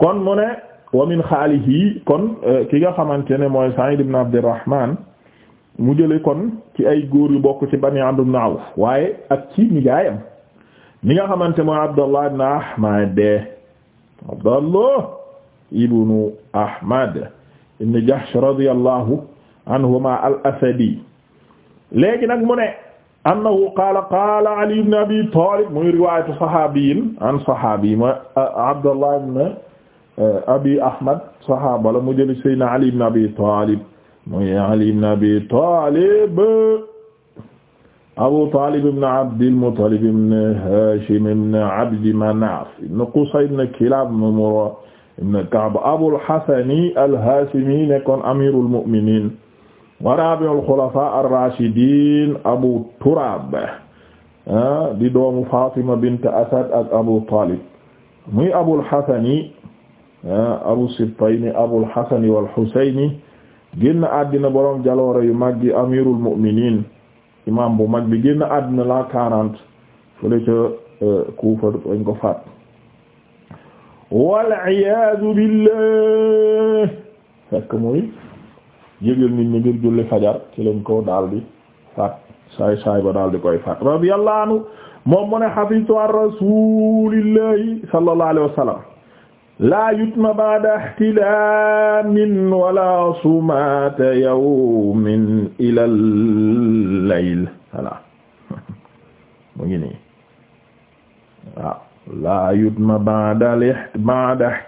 kon mu ne min xaalihi kon euh, ki nga xamante ne mooy Sa'id ibn Abdurrahman mu jële kon ci ay góor yu bokk ci bani Amr Awf waaye ak ci nijaayam mi nga xamante mooy Abdallah ibn Ahmad Abdallah ibnu Ahmad ibn Jahsh radiyallahu anhuma al-Asadi léegi nag mu ne annahu qaala qaala Ali ibn Abi Talib muy riwaayatu saxaabiyin an saxaabi ma Abdallah ibn Euh, abi ahmad sahaaba la mu jëli saydna ali ibn abi talib muy ali ibn abi talib abu talib ibn abdil muttalib ibn hashim ibn abdi manaf ibn qusay ibn kilab ibn murra ibn ka'b abul hasani al hashimi nekkoon amirul mu'minin wa rabi'ul khulafa ar-rashidin abu turab ah, di doomu fatima bint asad ak abu talib muy abul hasani Ah, abu sibtayni abul hasani wal husayni génn borom jaloore yu mag gi amirul mu'minin imam bu mag bi génn àddina la quarante fële ca euh, Kuufa dañ ko faat wal iyaadu billah fekk muy yëgal nit ñi julli fajar ci ko daal di faat saay saay ba daal koy faat radiyallahu anhu moom mu ne hafizu ar rasulillahi sallallahu alayhi wa laa yutma ba'da ihtilaamin wala sumaata yawmin ilal layl voilà mu ngi nii waaw yutma ba'da ba'da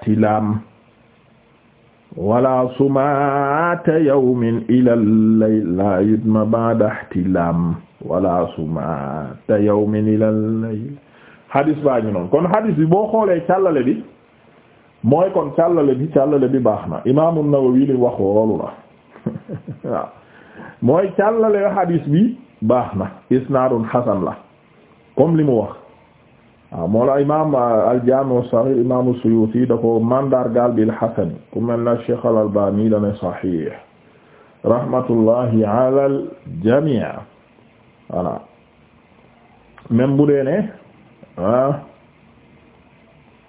wala sumaata yawmin ilal layl laa yutma ba'da ihtilaam wala sumaata yawmin ilal layl hadis baa ñu kon hadis bi boo xoolee càllale bi mooy kon càllale bi càllale bi baax na imaamu Nawawi li wax loolu la mooy càllale hadis bi baax na isnaadun hasan la comme limu wax waaw moo la imaam al-Jaami' as-Saxiir imaamu Suyuuti da ko mandargaal bil hasan ku mel na Cheikh al-Albaani da ne saxiix rahmatullahi ala al-jamii' bu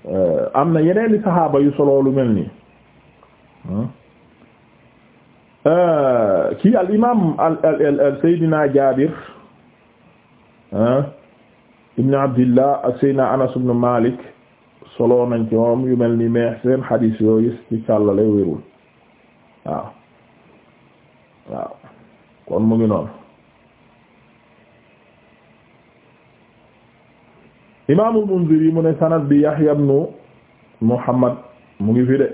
Euh, am na yeneen i saxaaba yu solo lu mel ni hmm? euh, kii al imaam al al al Seydina Jaabir ibn Abdillah ak Seydina Anas ibn Malik solo nañ ci yu mel ni mais seen xadiis yooyu ci càllale wérul waaw kon mu ngi noonu. imaamul Munziri mu ne sanad bi Yahya ibn Muhammad mu ngi fi de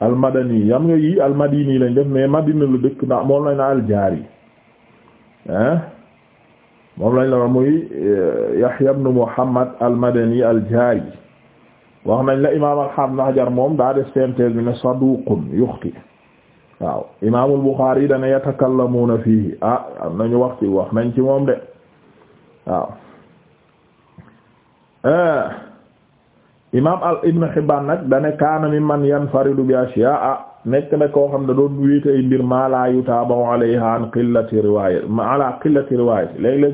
almadani yam nga yi almadini lañ def mais madina lu dëkk ndax moom lañ la aljaari hein moom lañ la wax muy euh, Yahya ibn Muhammad almadani aljaari wax nañ la imaam al-Hafiz Hajar moom daa def synthèse bi ne saduqun yuxti waaw imaamul Buxaari dana yatakallamuuna fii ah am nañu wax wax nañ ci moom de waaw Eh, imaam al ibn Hibbaan nag dane kaana mimman yanfaridu bi ashyaa ah, nekk na koo xam ne doon wéete ay mbir maa laa yutaabahu alayha an qillati riwaayat ma ala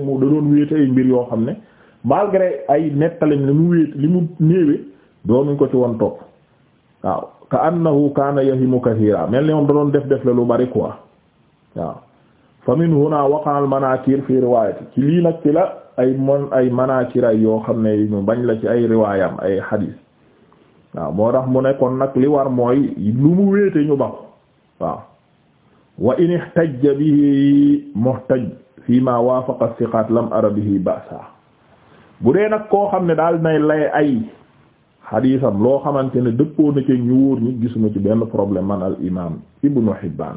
mu doon wéete ay mbir yoo xam ne malgré ay nettalim li mu wéet li mu ko ci woon topp waaw ka annahu kaana yahimu kathiira mel ni moom doon def def la lu bari quoi waaw fa min huna waqa'a al fi riwaayati ci lii nag ci la ay moom ay manakira yoo xam ne ñu bañ la ci ay riwaayam ay xadiis waaw moo tax mu nekkoon nag li war mooy lu mu wéete ñu ba waaw wa in ihtajja bihi muhtaj fi ma waafaqa siqaat lam ara bihi ba'sa bu dee nag koo xam ne daal nay lay ay xadiisam loo xamante ne dëppoo na ñu wóor ñi gisuma ci benn problème man al imaam ibnu Hibbaan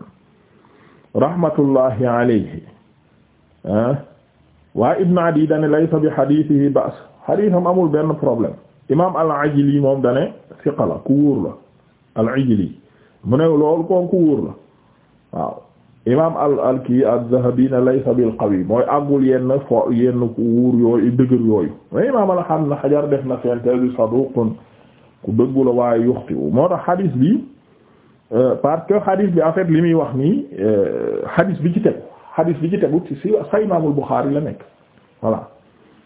rahmatullahi alayhi ah waa Ibn Adi dane laysa bi hadithihi ba's haditham amul benn problème imam al-Ajli moom dane siqa la ku wóor la al-Ajli mu ne loolu kon ku wóor la waaw imam al al kii az-Zahabi ne laysa bil qawi mooy àggul yenn fo yenn ku wóor yooyu dëgër yooyu mais imam al-Hafiz Ibn Hajar def na synthèse saduqun ku dëggu la waaye yuxti moo tax hadith bi euh, parce que hadith bi en fait li muy wax nii euh, hadith bi ci teg xadis bi ci tegu ci si sa imaamul Buxaari la nekk voilà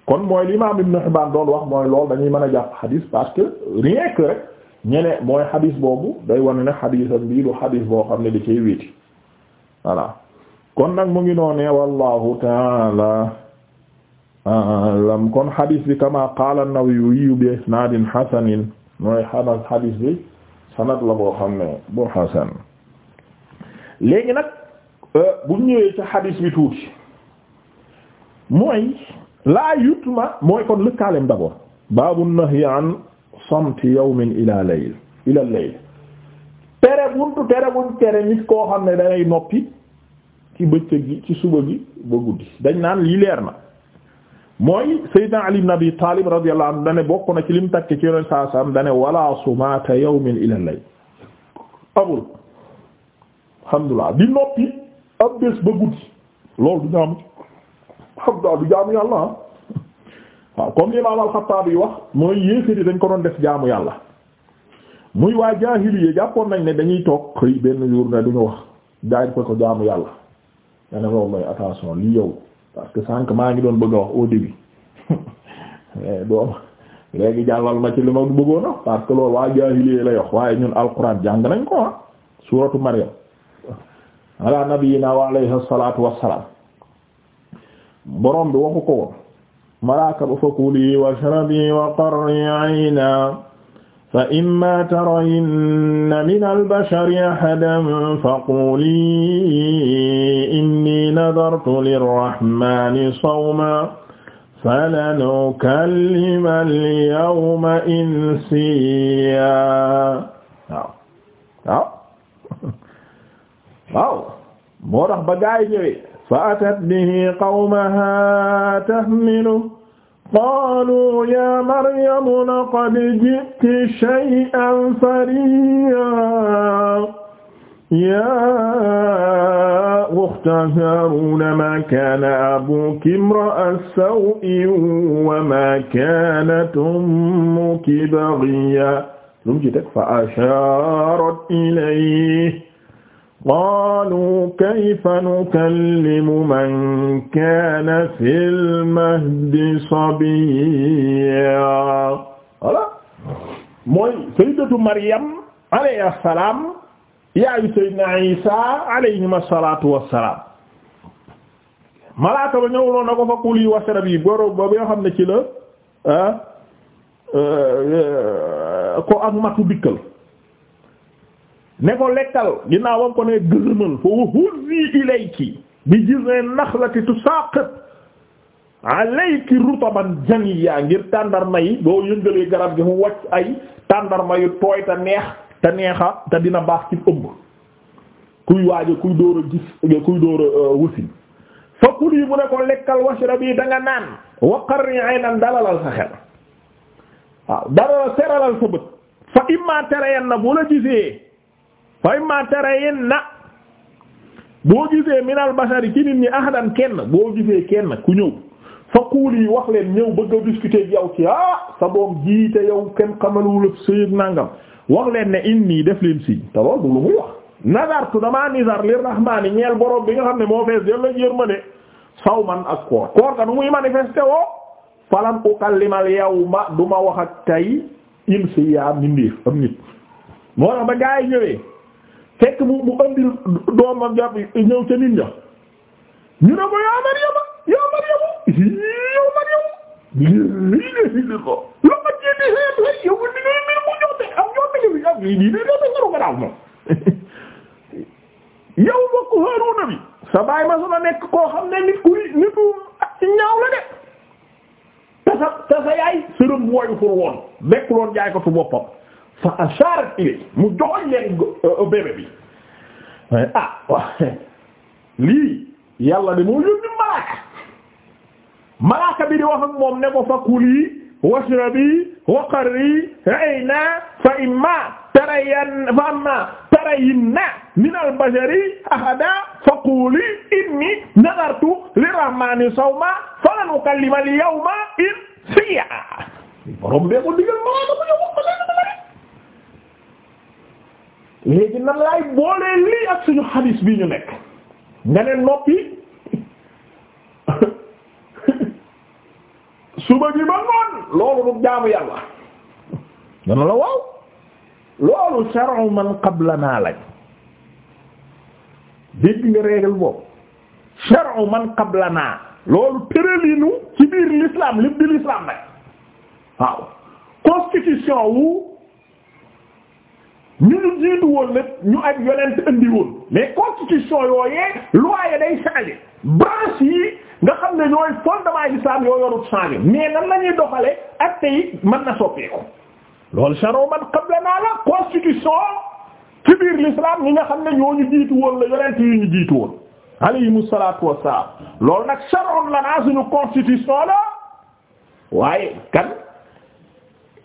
kon mooy li imaam Ibn Hibbaan doon wax mooy lool dañuy mën a jàpp xadis parce que rek ñene mooy xadis boobu day wane ne xadisam bii du xadis boo xam ne di cay wéeti voilà kon nag mu ngi noonee wallahu taala alam kon xadis bi kama qaala an-Nawawi bi isnaadin xasanin mooy xanaa xadis bi sanad la boo xam ne bu xasan léegi nag Euh, bu ñëwee ca xadiis bi tuuti mooy laa yutma mooy kon lëkkaaleem d'abord baabu nahyi an samti yawmin ila layl ila layl tere buntu tere buñ tere nit koo xam ne danay noppi ci bëccëg gi ci suba gi ba guddi dañ naan lii leer na mooy sayyidina ali ibn abi talib radiyallahu anhu dane bokk na ci lim takk ci yoneen saa saam dane wala sumaata yawmin ila layl abul alhamdulillah noppi ab bés ba guddi loolu du jaamu xam daa du jaamu yàlla ah waaw comme ma imaam al-Xattaabi wax mooy yéeféri dañ ko doon def jaamu yàlla muy waa jaahiliya jàppoon nañ ne dañuy toog xëy benn jour ne duñu wax jaay ko ko jaamu yàlla nga ne loolu mooy maa ngi doon bëgg a wax au début doom eh, jàllal ma ci li ma bëggoon a parce que loolu waa jaahiliya lay wax waaye ñun alxuraan jàng nañ ko ah suuratu Maryam ala nabiyina wa alayhi salaatu wassalaam borom bi waxu ko woon malaaka ba fakuli washrabi wa qarri ayna fa imma tarayinna min albashari ahadan faquli inni nadartu lirrahmani sawman falanukallima alyawma insiya waaw moo tax ba gaay ñëwee fa atat bihi qawmaha tahmilu qaalu ya maryamu laqad ji'ti shay'an fariya ya ukhta haaruna ma kaana abuki imra'a saw'in wa ma kaanat ummuki baghiya lu mu ci teg fa ashaarat ilayhi qaalu kayfa nukallimu man kaana fil mahdi sabiyya voilà mooy sayyidatu Maryam alayhi assalaam yaayu sayyidina Isa alayhim assalaatu wassalaam malaaka ba ñëwuloon na ko fa kuli wasrab yi boro ba nga xam ne ci la ah, euh, euh, ko ak matu dikkal ne ko lekkal ginnaaw wam ko ne gërëmal fa hurri ki bi jiz'i naxlati tusaqit alayki rutaban janiya ngir tàndarma yi boo yëngalee garab gi mu wàcc ay tàndarma yu tooy te neex te neexa te dina baax ci ëmb kuy waaje kuy dóor a gis kuy dóor a euh, wusin fa kuli mu ne ko lekkal washrabi da nga naan wa qarri aynan dalalal sa xel waaw dalalal seralal sa bët fa imma terayan na bu la gisee fay ma tere yen na boo gisee minal basari ci nit ñi ahadan kenn boo gisee kenn ku ñëw fa kuul wax leen ñëw bëgg a discuter ak yow ci ah sa doom jiite yow kenn xamalwulab sayëg nàngam wax leen ne inni def leen signe te lool du lu muy wax nazartu damaa nizar li rahmaani ñeel borom bi nga xam ne moo fees del la ma ne saw man ak koor koor ga nu muy manifesté woo falam ukallimal yawma du ma wax ak tay insi yaa am nit moo tax ba gaay ñëwee fekk mu mu andi doomam jàpp ñëw ca nit ña ñu ne ko yaa Maryama yaa Maryama yow Maryama lii de ah lii ma jëndi xeetu bi sa ma su la nekk koo xam ne nit ku ñaaw la de te sa te sa yaay sërëm fur woon bekkuloon jaay ko tu boppam fa asharat ilay mu joxoñ leen euh, bébé bi ah waaw lii yàlla de moo yónni malaaka malaaka bi di wax ak moom ne ko fakuli washrabi wa qarri ayna fa imma tarayan fa amma tarayinna min al-bashari ahada faquli inni nadartu lirrahmani sawma falan ukallima al-yawma insiya borom bee ko digal malaaka bu ñu wax ko leen léegi nan laay lii ak suñu xadiis bi ñu nekk nga ne noppi suba gi ba ngoon loolu du jaamu yàlla dana la waaw loolu shar'u man qablanaa lañ dégg nga réegal boobu shar'u man qablanaa loolu tëralinu ci biir l'islam lépp di l'islam nag waaw constitution wu ñu ñu jiitu woon lépp ñu ak yonent indi woon mais constitution yooyee loi day changer branche yi nga xam ne ñooy fondement islam yoo yorut changer mais nan la ñuy doxalee acte yi mën na soppeeku loolu sharo man qablanaa la constitution ci biir l'islam nga xam ne ñoo ñu jiitu woon la yonent yi ñu jiitu woon alayhimu salaatu wassalaam loolu nag sharon la naa suñu constitution la waaye kan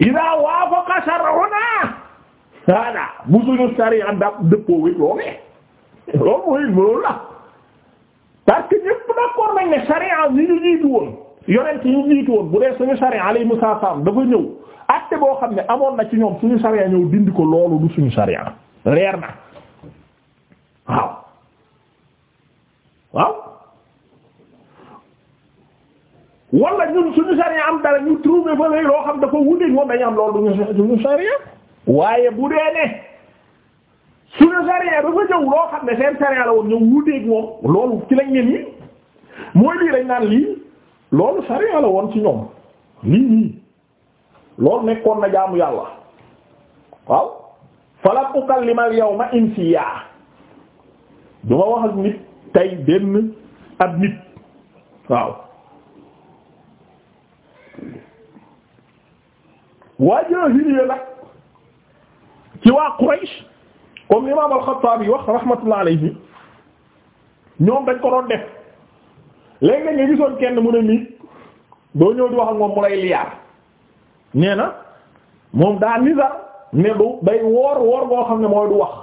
idaa waafaqa shar'unaa voilà bu suñu sariya daf dëppoo wéy loolee loolu mooy loolu la parce que ñëpp d'accord nañ ne sariya yi ñu jiitu woon yonent yi ñu woon bu dee suñu sariya alayhi dafa ñëw acte boo xam ne amoon na ci ñoom suñu sariya ñëw dindi ko loolu du suñu sariya leer na waaw waaw wala ñun suñu sariya dara ñu trouvé fa lay loo xam dafa wuute ñoom dañu am loolu suñu sariya. waaye bu dee ne suñu sariya dafa ñëw loo xam ne seen sariya la woon ñëw wuuteeg moom loolu ci lañ ne nii mooy lii dañ naan lii loolu sariya la woon ci ñoom lii nii loolu nekkoon na jaamu yàlla waaw falam ukallimal yawma insiya duma wax ak nit tey benn ab nit waaw waa jaahiliya nag ci waa Quraysh comme l'imam al wax rahmatullah alayhi ñoom dañ ko doon def léegi nag gisoon kenn mu ne nit doo ñëw di wax ak moom mu lay liyaar nee na moom daa nizar ne du day woor woor boo xam ne mooy du wax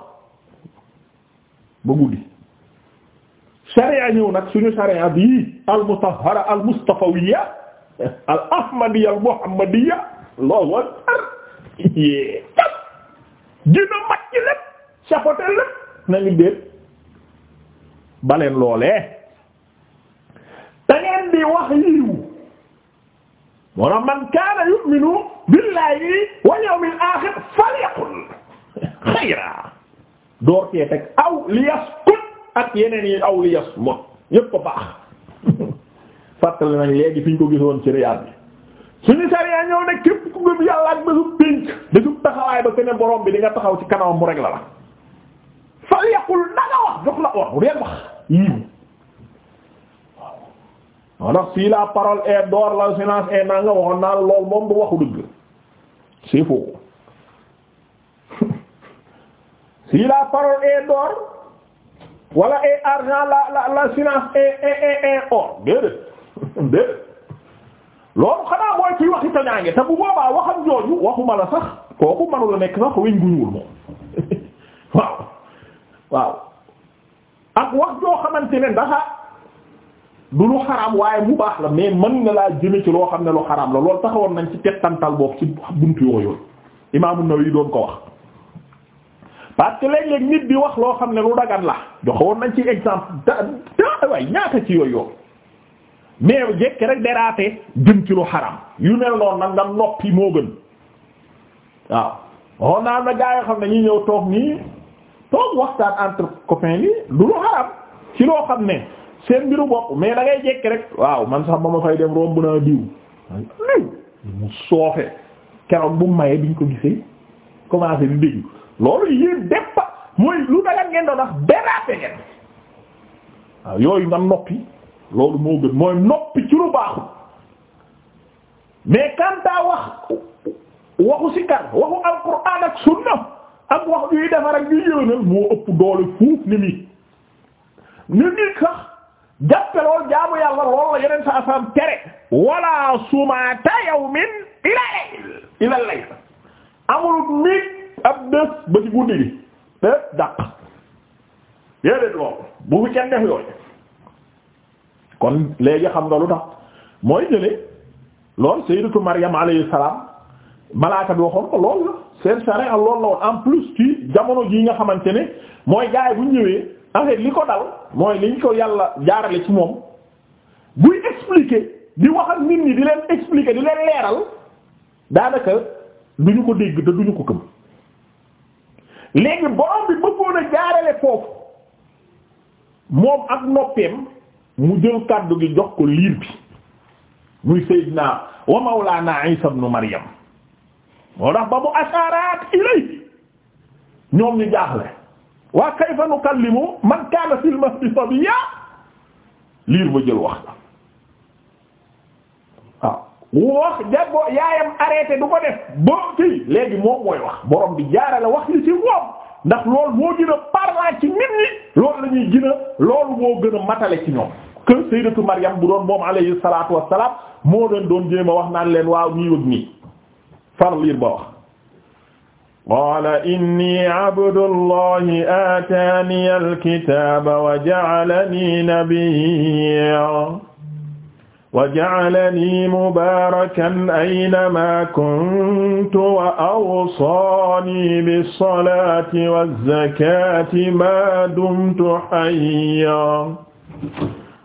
ba guddi sharia ñëw nag suñu sharia bii al-mutahhara al-mustafawiyya al-ahmadiyya al-muhammadiyya Allahu akbar gina mat ci lépp chapeauté lépp nañu déet baleen loolee da ngeen di wax yiw moo tax man kaana yu'minu billahi wal yawmil aaxir falyaqul xayra door cee teg aw li yaskut ak yeneen yi aw li yasmut yépp ko baax fàttali nañ léegi fi ñu ko gisoon ci Riyad bi suñu sariya ñëw ne képp ku gëm yàlla ak bésu ba keneen borom bi di taxaw ci kanamam mu rek la la fal wax jox la or reel wax yiiw waaw ndax si la si la parole est d'or wala est argent la la la silence est est est or déedéet déedéet loolu xanaa mooy kuy waxi toñaange te bu boobaa waxam jooju waxuma la sax kooku manu nekk sax weñ gu moom waaw waaw ak wax joo xamante ne ndax du lu xaraam waaye mu baax la mais mën nga laa jëme ci loo xam ne lu xaraam la loolu taxawoon nañ ci tettantal boobu ci buntu yooyu Imaamu yi doon ko wax parce que léeg nit di wax loo xam ne lu dagan la woon nañ ci exemple da da waay ñaata ci yooyu mais jekki rek dératé jëm ci lu xaram yu mel noonu nag nga noppi moo gën waaw waxoon naa am na gaa yoo xam ne ñu ñëw toog nii toog waxtaan entre copains yi lu lu xaram ci loo xam ne seen mbiru bopp mais da ngay jekki rek waaw man sax ba ma fay dem romb naa diw liw mu soofe keroog bu maye biñ ko gisee commencé di dégg loolu yéen déppa mooy lu dagan ngeen doon wax waaw yooyu nga noppi loolu moo gën mooy noppi ci lu baaxul mais kantaa wax waxu sikar waxu alquran ak sunna ak wax yuy defar ak yu yëwénal moo ëpp doole fuuf ni mi ni nit sax jàppe lool jaamu yàlla loolu la yeneen sa asam tere wala sumaata yawmin ila layl ila layl amul miig ab dés ba ci guddi gi dép dàq yéedéet loolu bu fi kenn def yooyu kon léegi xam nga lu tax mooy jëlee lool sayyidatu Maryam alayhi salaam malaaka bi waxoon ko lool la seen sare ak lool la woon en plus ci jamono jii nga xamante ne mooy gaay bu ñëwee en fait li ko dal mooy liñ ko yàlla jaarale ci moom buy expliquer di wax ak nit ñi di leen expliquer di leen leeral daanaka duñu ko dégg te duñu ko këm léegi borom bi bëggoon jaarale foofu moom ak noppeem mu jël kàddu gi jox ko liir bi muy Seydina wa Mawlana Isa ibn Maryam moo tax ba bu asharat ilay ñoom ñu jaaxle waa kayfa nukallimu man kaana fil mahdi sabiyya liir ba jël wax waaw wax jaggo yaayam arrêté du ko def ba kii léegi moom mooy wax borom bi jaarale wax li ci moom ndax lool moo gën a parlant ci nit ñi loolu la ñuy loolu moo gën a matale ci ñoom que sayyidatu Maryam bu doon moom alayhi salaatu wassalaam moo leen doon jéem a wax naan leen waaw nii wëg nii far liir ba wax qaala inni abdullahi aataani alkitaba wa ja'alani nabiyya wa ja'alani mubaarakan aynama kuntu wa awsaani bis-salaati waz-zakaati ma dumtu hayya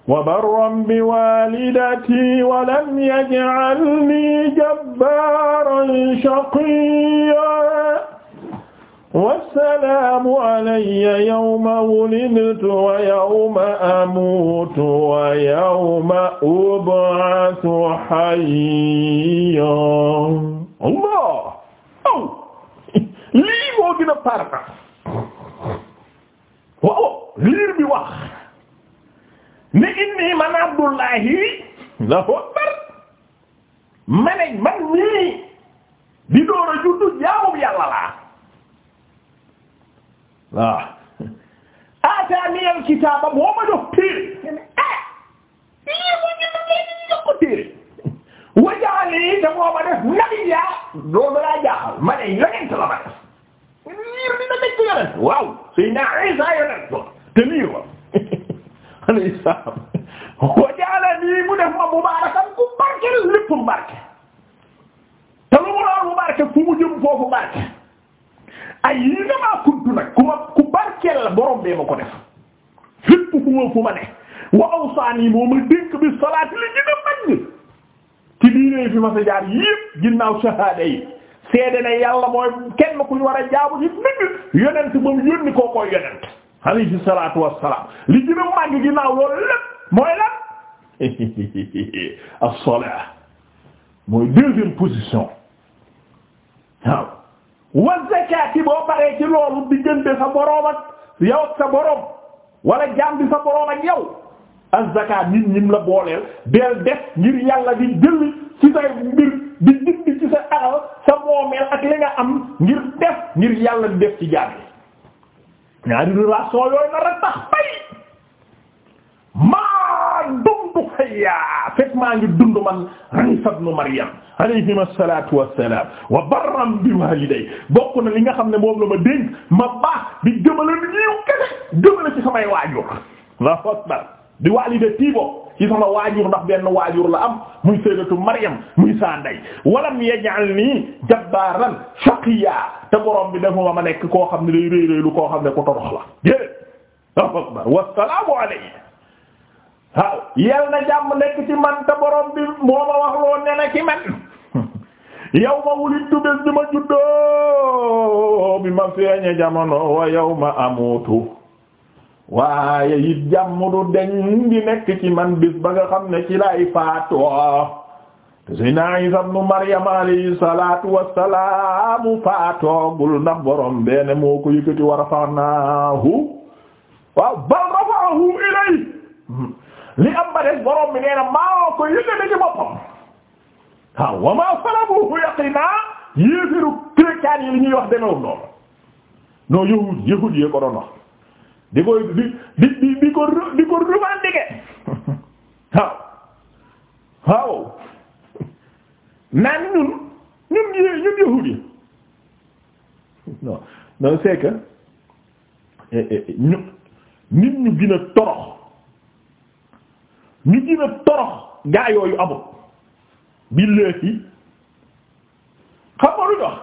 wa barran bi waalidati wa lam yaj'alni jabbaaran shaqiyyaa wa salaamu alayya yawma wulidtu wa yawma amuutu wa yawma ub'athu hayyaa. Allah aw lii moo gën a parka waaw liir bi wax. ni inni man abdullahi Allahu akbar ma ne man nii di door a juddu jaamu yàlla laa waaw aataani alkitaaba moo ma jox téere ah lii mu ngi ma lay jox ko téere wajaali te moo ma def nabiyya loolu laa jaaxal ma ne yonent la ma def liir dina nekk yonent waaw Seydina Isa yonent te liir la alayhi salaam wajaale nii mu def ma mubaarakan ku barke lépp mu barke te lu mu doon mu barke fu mu jëm foofu barke ay yi nga maa kuntu nag ku ma ku barkeel la borom bee ma ko def fépp fu ma fu ma ne wa awsaani moo ma dénk bi salaat li gën a mag ci diine fi ma sa yépp ginnaaw shahaada yi seede na yàlla mooy kenn ku war a jaamu ci nit yonent ba mu yónni yonent alayhi salaatu wassalaam li gën a màgg ginnaaw loolu lépp mooy lan as mooy deuxième position waaw wa zakaati boo paree ci loolu diggante sa yow bi sa boroom ak yow az nit ñim la booleel del def ngir yàlla di jël ci say mbir di jënd ci sa alal sa moomeel ak li nga am ngir def ngir yàlla di def ci jaam bi ñaari relation yooyu na rek tax bay maa dund fayyaa fekk maa ngi dund man Iisa ibnu Maryam alayhim assalaatu wassalaam wa barram bi waliday bokk na li nga xam ne moom la ma dénk ma baax di jëmale ñëw kese jëmale ci samay waajur Allahu akbar di walida tiibo ci sama waajur ndax benn waajur la am muy sayyidatu Maryam muy saa ndey walam yaj'alni jabbaaran shaqiyya te borom bi dafa ma nekk koo xam ne day rëy rëy lu koo xam ne ku torox la déedéet Allahu akbar wa yal na jàmm nekk ci man te borom bi moo ma wax loo ne ci man yow ma wulittu bés bi ma juddoo bi ma feeñe jamono wa yow ma amutu waaye it jàmm du deñ di nekk ci man bis ba nga xam ne ci lay faatoo te Seydina Isa ibnu Maryam alayhi salaatu wassalaamu faatoogul ndax borom benn moo ko yëkkati wa rafa'naahu waaw bal rafa'ahu ilay li am ba des borom bi nee na maa ko yëkkati ci boppam waaw wa maa salabuhu yaqiinaa yéefiru chrétien yi li ñuy wax demewul noonu non yahud yahud yee ko doon wax di koy di di di di ko di ko revendiquer waaw waaw naan ñun ñun ñun yahuudi non non c'est que eh, eh, eh, ñu nit ñu gën a torox ñu gën torox gaa yooyu amul bi léegi xam nga lu dox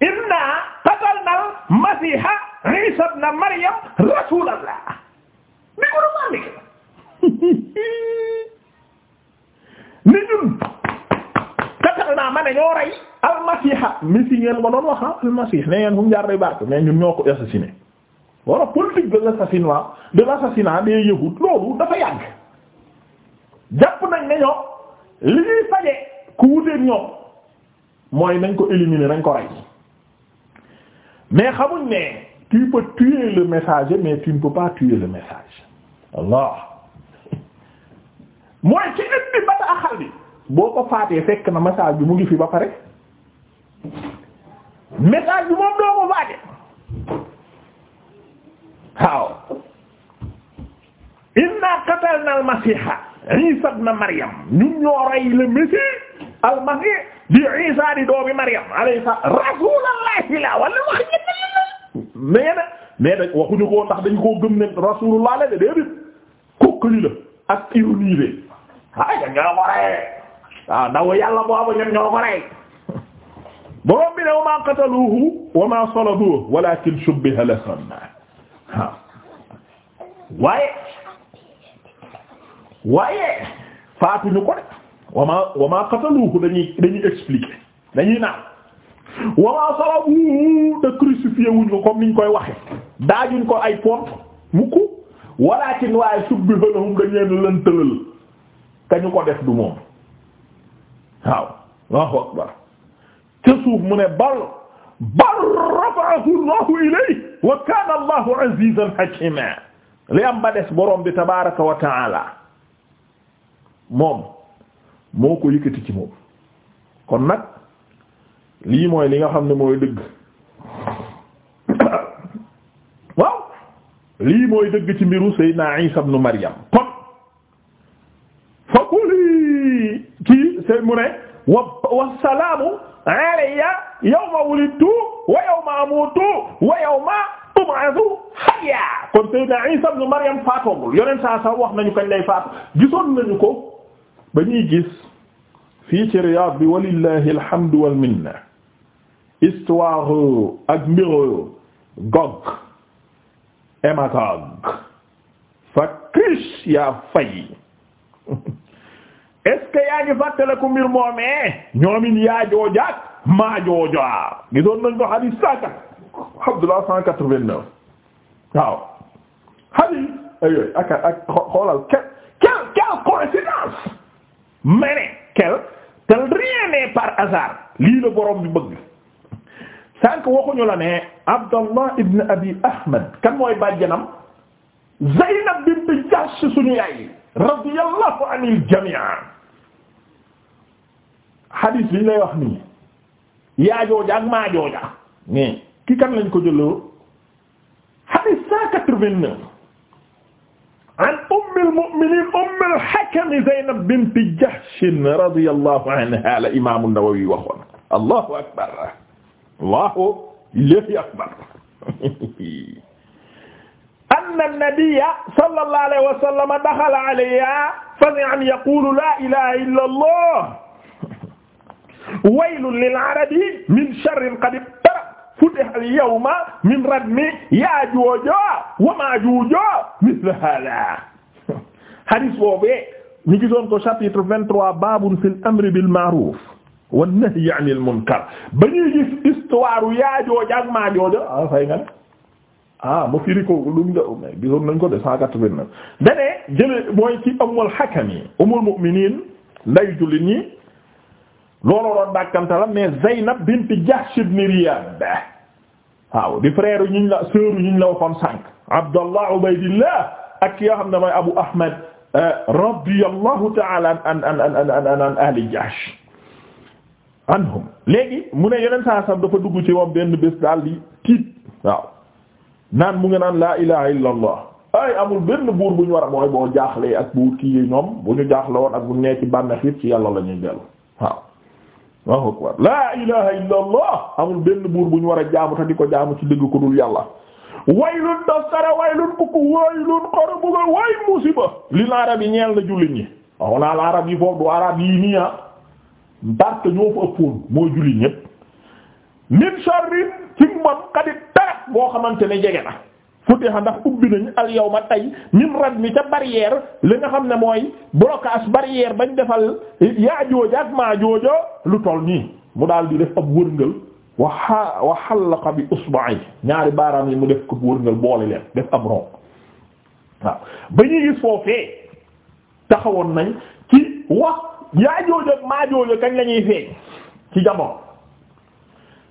inna qatalnal masiha Isa ibn Maryam Rasulullah ni ko ni ñun katal naa ma ne ñoo rey almasiha misi ngeen ma doon waxa ah, almasih ne ngeen fu mu jaar day barke mais ñun ñoo ko assassiné wala politique de l'assassinat de l'assassinat des yahud loolu dafa yàgg jàpp nañ ne ñoo li ñuy faje ku wuteek ñoom mooy nañ ko éliminer nañ ko rey mais xamuñ ne tu peux tuer le messager mais tu ne peux pas le message Allah mooy ci indi bataaxal bi boo ko faatee fekk na bi mu ngi fi ba pare message bi moom doo ko faate waaw inna qatalna al-masiha Isa ibn Maryam ñun ñoo rey le messie al-masih di Isa di doomi Maryam alayhi rasulallah la wala wax mais nag mais dañ ko ndax dañ koo gëm ne rasulullah la de déedéet kokkali la ak ironie de ah ñoom ñoo ko rey waaw ah, ndaw yàlla boobu ñoom ñoo ko rey borom ne wa ma qataluhu wa ma salabuhu walakin shubbiha lahum waaw waaye waaye faatuñu ko de wa ma wa ma qataluhu dañuy dañuy wama salabu te crucifié wuñ ko comme niñ koy waxe daajuñ ko ay pont mukk walaakin waaye subbiha lahum dañ leen lëntëlal ka ñu ko def du moom waaw Allahu akbar ca suuf mu ne bal bal rafa'ahu Allahu ilayhi wa kana Allahu azizan hakima li am ba des borom bi tabaraka wa moom moo ko yëkkati ci moom kon nag lii mooy li nga xam ne mooy dëgg waaw lii mooy dëgg ci mbiru Seydina Isa ibn Maryam kon fa kuli kii sey mu ne wa wasalaamu alayya yawma wulidtu wa yawma amutu wa yawma ub'athu hayya kon Seydina Isa ibn Maryam faatoogul yonent saa sa wax nañu kañ lay faatu gisoon nañu ko ba ñuy gis fii ci Riyaad bi walillahi alhamdu wal minna histoire ak mbiru Gog et Magog fa Krish yaa fay est-ce que yaa ngi fàttaliku mbir moomee ñoom yaa jooja maa jooja gisoon nañ ko hadith cent quatre Abdullah cent quatre-vingt-neuf waaw hadith tel rien par hasard lii la borom bi bëgg. sànq waxuñu la ne Abdallah ibn Abi Ahmad kan mooy bàjjanam Zaynab bint Jahsh suñu yaay radiyallahu anil jamii xadiis bi ñu lay wax nii yaa jooja ak maa jooja mais ki kan lañ ko jëloo xadiis cent quatre-vingt-neuf an ummil mu'miniin ummil hakam Zaynab bint Jahsh radiyallahu anha la imaamu Nawawi waxoon allahu akbar Allahu ilayhi akbar anna nabiyya sallallahu alayhi wa sallam dakhala alayya faz'an yaqulu la ilaha illa Allah waylun lil arabi min sharrin qad iqtarab futiha al yawma min radmi yaajuuja wa maajuuja mithla hadha hadis boobu ñu gisoon ko chapitre 23 babun fil amri bil ma'ruf wa nahyi anil munkar ba ñuy gis histoire yaajooja ak maajooja ah fay nga ne ah ma firi ko lu nga gisoon nañ ko de cent quatre-vingt-neuf dane jële mooy ci ummul hakam yi ummul mu'minin nday jullit ñi looloo doon dàkkanta la mais Zaynab bint Jahsh ibn Riyab waaw di frère ñu la sœur ñu la waxoon sànq Abdallah Ubaydillah ak yoo xam ne mooy Abu Ahmad eh, radiyallahu ta'ala an an an an an ahli Jahsh anhum léegi mu ne yeneen saa sam dafa dugg ci moom benn bés daal di tiit waaw naan mu ngi naan laa ilaha illa allah ay amul benn buur bu ñu war a mooy boo jaaxlee ak buur kii ñoom bu ñu jaaxle woon ak bu nekk ci bànneex ci yàlla la ñuy dellu waaw waaw akbar laa ilaha illa amul benn buur bu ñu war a jaamu te di ko jaamu ci dëgg ko dul yàlla waylun dasara waylun kukku waylun xora bëgga way musiba li l'arab yi ñeel na jullit ñi waaw naa yi foofu du arab yi nii ah parce que ñoo fa ëppoon mooy julli ñépp min sharrin ci mbon xadit tarat boo xamante ne jege na xam ndax ubbi nañ al yawma tey min radmi ca barrière li nga xam ne mooy blocage barrière bañ defal yaajooja ak maajooja lu toll nii mu daal di def ab wërngal wa xa wa xallaqa bi usba'i ñaari baaraam yi mu def ko wërngal boole leen def ab rond waaw ba ñuy gis foofee taxawoon nañ ci wax yaa jooju ak maa jooju kañ la ñuy feeñ ci jamono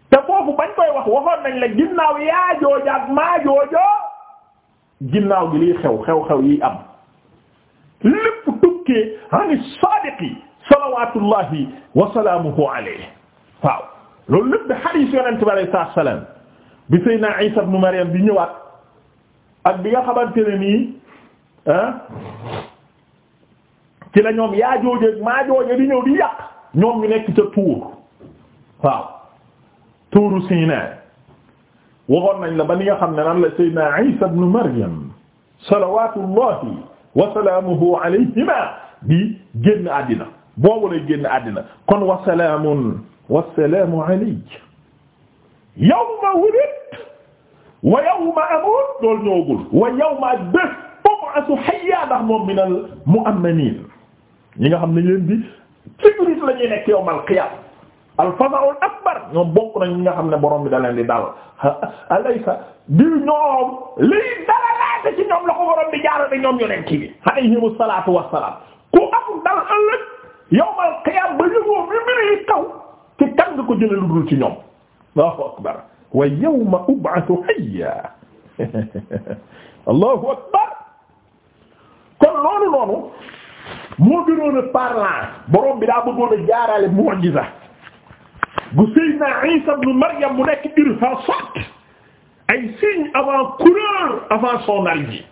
te foofu bañ koy wax waxoon nañ la ginnaaw yaa jooju ak maa jooju ginnaaw gi liy xew xew xew yi am lépp tukkee ani saadiqi salawaatullahi wa salaamuhu alayhi waaw loolu lépp de hadiis yonent bi alayhi salaatu wa salaam bi Seydina Isa ibn Maryam bi ñëwaat ak bi nga xamante ne nii ah. ci la ñoom yaa joojeeg maa jooje di ñëw di yàq ñoom ñu nekk ca tuur waaw tuuru Sinaa waxoon nañ la ba ni nga xam ne nan la Seydina Isa ibn Maryam salawatullahi wa salaamuhu alayhima di génn àddina boobu lay génn àddina kon wa salaamun wa salaamu alayka yawma wulidtu wa yawma amuutu loolu ñëwagul wa yawma ak bés ub'asu hayya ndax moom minal mu'minin ñi nga xam ne leen bi sécurité la ñuy nekk yow mal xiyam al ñoom bokk nañ ñi nga xam ne borom bi da li di dal alaysa bi ñoom lii dalalaate ci ñoom la ko borom bi jaarale ñoom yonent bi alayhimu salaatu ci kan nga ko jëlee lu ci ñoom allahu akbar wa yawma ub'athu hayya allahu akbar kon loolu noonu moo gënoon a parlant bi daa bëggoon a jaarale mu'jiza bu Seydina Isa ibn Maryam bu nekk irhasat ay signe avant-coureur avant son arrivée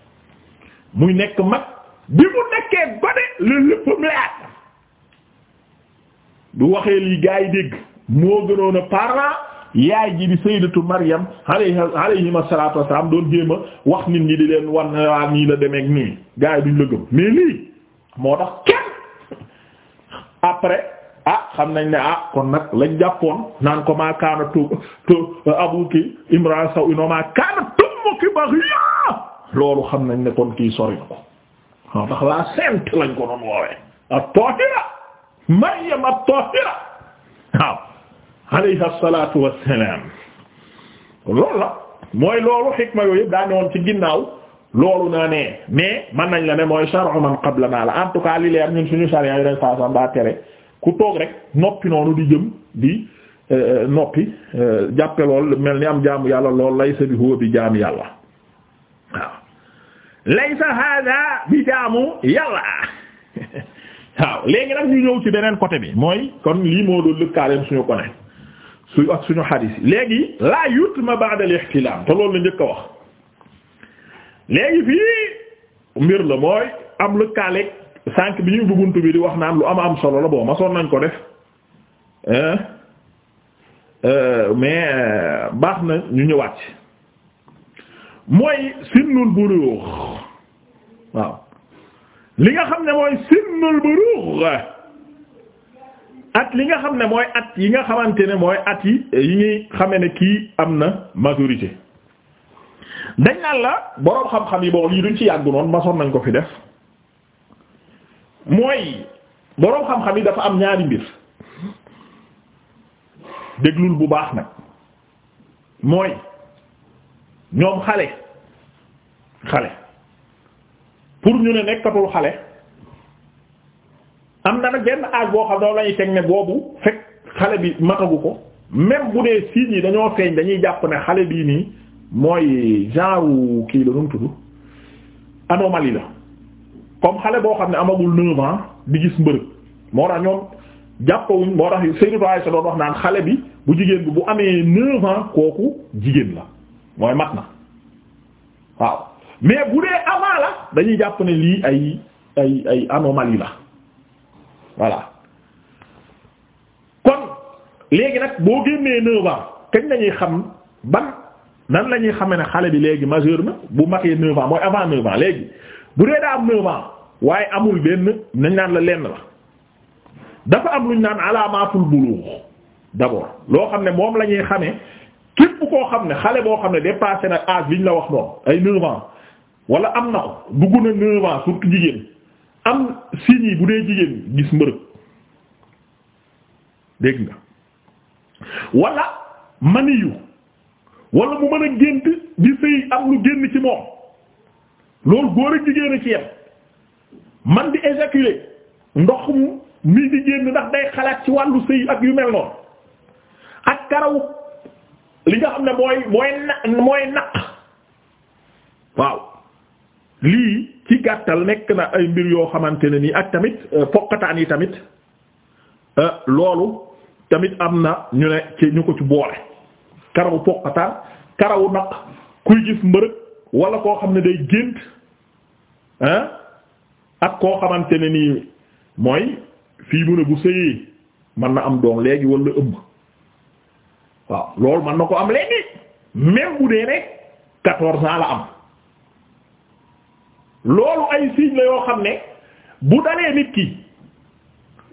muy nekk mag bi mu nekkee gone le lépp leer du waxee lii gaa yi dégg moo gënoon a parlant yaay ji di sayyidatu Maryam alayhi alayhi salaatu wassalaam doon jéem a wax nit ñi di leen wan nii la demeek nii gaa yi duñ la gëm mais moo tax kenn après a ah xam nañ ne a ah kon nag lañ jàppoon naan ko maa kaana tu tu abuki imra saw ino maa kaana tummuki baghiya loolu xam nañ ne kon kii sori ko waaw ndax la sainte lañ ko doon woowee at-tahira maryam at-tahira waaw alayhi as was-salam loolu mooy loolu xikma yooyu yëpp daa ne woon ci ginnaaw loolu naa ne mais mën nañ la ne mooy shar'u man qablanaa la en tout cas li leer ñun suñu sharia yi dañ saa daa tere ku toog rek noppi noonu di jëm di euh, euh, noppi euh, jàppe lool mel ni am jaamu yàlla lool laysa bi huwa bi yàlla waaw laysa léegi nag ñu ñëw ci beneen côté bi mooy kon lii moo doon lëkkaaleem suñu ko ne su ak suñu xadiis yi léegi laa yut ma ba'da al ihtilaam te loolu la njëkk a wax léegi fii mbir la mooy am lëkkaaleeg sànq bi ñuy bubuntu bi di wax naan lu am am solo la boo ma son nañ ko def euh, mais euh, baax na ñu ñëwaat mooy sinnul buruux waaw li nga xam ne mooy sinnul buruux at li nga xam ne mooy at yi nga xamante ne mooy at yi yi ñuy xame ne kii am na maturité dañ naan la boroom xam-xam yi boo lii duñ ci yàggu noonu masoon nañ ko fi def mooy boroom xam-xam yi dafa am ñaari mbir déglul bu baax nag mooy ñoom xale xale pour ñu ne nekkatul xale am na nag benn âge boo xam ne lañuy teg ne boobu fekk xale bi matagu ko même bu dee signes yi dañoo feeñ dañuy jàpp ne xale bii nii mooy genre kii la nu mu tudd anomalie la comme xale boo xam ne amagul neuf ans di gis mbërëg moo tax ñoom jàppawuñ moo tax Seydou Touare sa doon wax naan xale bi bu jigéen bi bu amee neuf ans kooku jigéen la mooy mat na waaw mais bu dee avant la dañuy jàpp ne lii ay ay ay anomalie la voilà kon léegi nag boo génnee neuf ans kañ lañuy xam ban nan la ñuy xamee ne xale bi léegi majeur na bu matee 9 ans mooy avant 9 léegi bu dee daa am 9 waaye amul benn nañ naan la lenn la dafa am luñ naan alaamaatul bulugh d'abord loo xam ne moom lañuy ñuy xamee képp koo xam ne xale boo xam ne dépassé na âge bi ñu la wax noonu ay 9 ans wala am na ko dugg na 9 ans jigéen am signes bu dee jigéen gis mbërëg dégg nga wala maniyu wala mu mën a gént di sëy am lu génn ci moom loolu góor ak jigéen ci yem man di éjaculer ndox mu mii di ndax day xalaat ci wàllu sëy ak yu mel noonu ak karaw li nga xam ne mooy mooy na mooy naq waaw lii ci gàttal nekk na ay mbir yoo xamante ne nii ak tamit euh, pokataan yi tamit euh, loolu tamit am na ñu ne ci ñu ko ci boole karawu poqataan karawu naq kuy gis mbërëg wala koo xam ne day gént ak koo xamante ne nii mooy fii mu ne bu sëyee mën na am doom léegi wala ëmb waaw loolu mën na ko am léegi même bu dee rek quatorze la am loolu ay signe la yoo xam ne bu dalee nit ki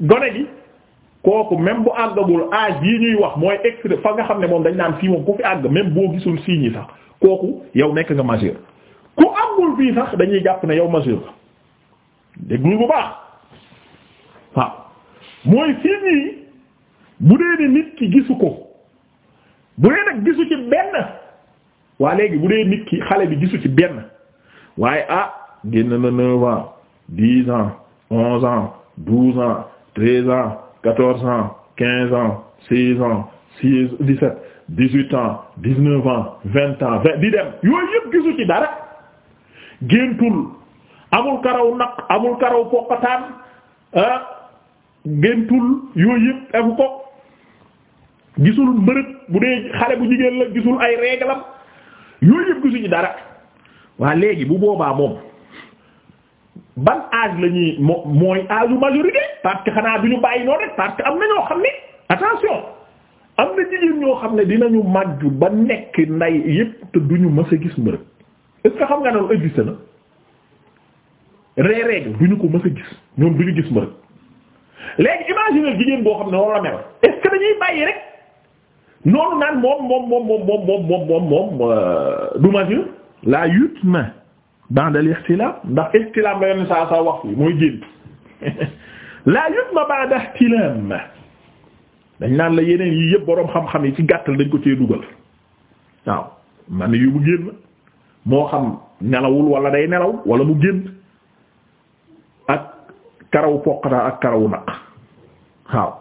gone gi kooku même bu àggagul âge yi ñuy wax mooy extra fa nga xam ne moom dañ naan fii moom ku fi àgg même boo gisul signes yi sax kooku yow nekk nga majeur ku àggul fii sax dañuy jàpp ne yow majeur la déglu bu baax waaw mooy signes bu dee nit ki gisu ko bu dee nag gisu ci benn waa léegi bu dee nit ki xale bi gisu ci benn waaye ah génn na neuf ans dix ans onze ans douze ans treize ans quatorze ans quinze ans seize ans six dix-sept dix-huit ans dix di dem yooyu yëpp gisu ci dara géntul amul karaw naq amul karaw poqataan ah géntul yooyu yëpp efu ko gisul mbërëg bu dee xale bu jigéen la gisul ay réglam yooyu yëpp gisu ci dara waa léegi bu boobaa moom ban âge la ñuy moo mooy âge u majorité parce que xanaa bi ñu bàyyi noonu rek parce que am na ñoo xam ne attention am na jigéen ñoo xam ne dinañu màjju ba nekk nday yépp te duñu mës a gis mbërëg est xam nga ne existe na reereeg duñu ko mës gis ñoom duñu gis mbërëg léegi imagine jigéen boo xam ne loolu la mel est dañuy bàyyi rek noonu naan moom moom moom moom moom moom moom moom euh, du majeur la yut na ba'da al-ihtilaam ndax ihtilaam la yenn saa saa wax fi mooy génn laa yutma ba'da ihtilaam dañ naan la yeneen yi yëpp boroom xam-xam yi ci gàttal dañ ko cee dugal waaw man yu mu génn moo xam nelawul wala day nelaw wala mu génn ak karaw poqataan ak karawu naq waaw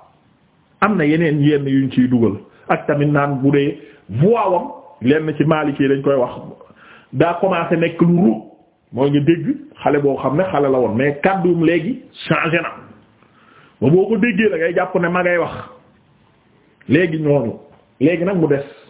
am na yeneen yenn yuñ ciy dugal ak tamit naan bu dee voie lenn ci Maliki dañ koy wax daa commencé nekk lu ruub mooy nga dégg xale boo xam ne xale la woon mais kàdduum léegi changé na ba boo ko déggee la ngay jàpp ne ma ngay wax léegi ñooñu léegi nag mu des